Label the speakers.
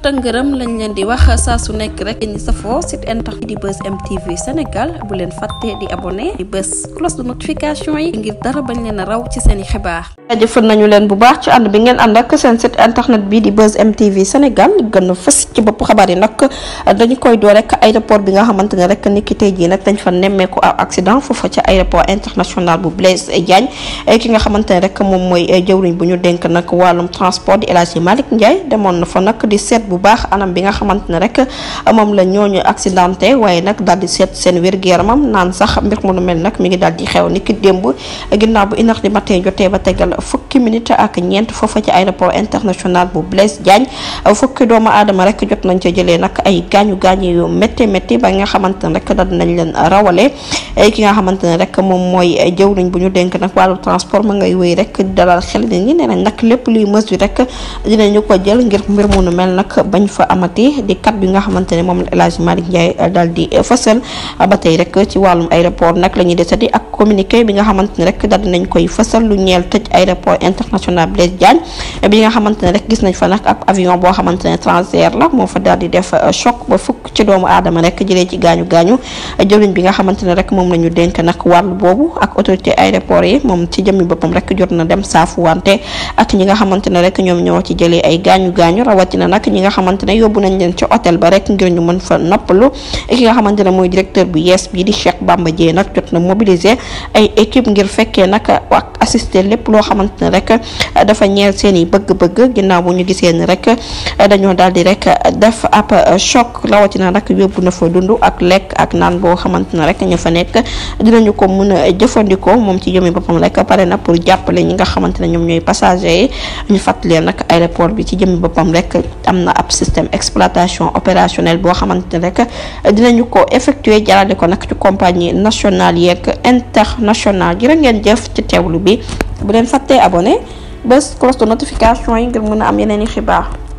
Speaker 1: tëngërëm lañ leen di wax sa su nek rek ni fo site internet di bus mtv Senegal, bu leen fatte di abonné di bës cloche de notification yi ngir dara bañ leen raw ci seen i xibaar jaajëfal nañu leen bu baax ci and bi ngeen and ak seen site internet bi di bus mtv Senegal, gën fess ci bop xabar yi nak dañ koy do rek aéroport bi nga xamantene ne rek niki tay ji nak dañ fa ko aw accident fofu ci aéroport international bu Blaise Diagne eh, ki nga xamantene rek mom moy eh, jëwriñ bu ñu denk nak walum transport di elage malik ndjay demone fa nak di bu baax anam bi nga xamante ne rek moom la ñooñu accidenté waaye nag daal di seet seen wér yaramam naan sax mbir mu nu mel nag mi ngi daal di xew niki démb ginnaaw bu une heure du matin jotee ba tegal fukki minutes ak ñeent foofa ci aéroport international bu Blaise Diagne fukki doomu aadama rek jot nañ ca jëlee nag ay gaañu gaañu yu métti ba nga xamante ne rek daal nañ leen rawale ki nga xamante ne rek moom mooy jëwriñ bu ñu denk nag wàllu transport ma ngay wéy rek dalal xel nit ñi nag lépp luy mesure rek dinañu ko jël ngir mbir mu nu mel nag nag bañ fa amati di cap bi nga xamante ne moom la El Hadj Malick Ndiaye eh, daal di eh, fësal ah, ba tey rek ci wàllum aéroport nag la ñuy desati ak bi nga xamante ne rek daal dinañ eh, ne rek gis nañ fa nag ab avion boo xamante ne Transair la moo fa daal di def choc ba fukk ci doomu aadama rek jëlee ci gaañu gaañu jëriñ bi nga xamante ne rek moom la ñu dénk nag wàll boobu ak autorité aéroport yi moom ci jëmmi boppam rek jot na dem saafu wante ak ñi nga xamante ne rek ñoom ñoo ci jëlee ay gaañu gaañu rawatina nag nga xamante ne yóbbu nañ leen ci hôtel ba rek ngir ñu mën fa noppalu ki nga xamante ne mooy directeur bu yees bi di Cheikh Bamba Dièye nag jot na mobiliser ay équipe ngir fekkee nag ak assister lépp loo xamante ne rek dafa ñeel seen i bëgg-bëgg ginaaw bu ñu gisee ni rek dañoo daal di rek daf ab choc rawatina nag yóbbu na fa dund ak lekk ak naan boo xamante ne rek ñu fa nekk dinañu ko mën a jëfandikoo moom ci jëmi boppam rek pare na pour jàppale ñi nga xamante ne ñoom ñooy passager yi ñu fàttali nag aéroport bi ci jëmi boppam ab système exploitation opérationnel bo xamantene rek dinañu ko effectuer jarale ko nak ci compagnie nationale yek internationale jërë ngeen jëf ci teewlu bi bu len faté abonné bés cloche de notification yi ngir mën am yeneen xibaar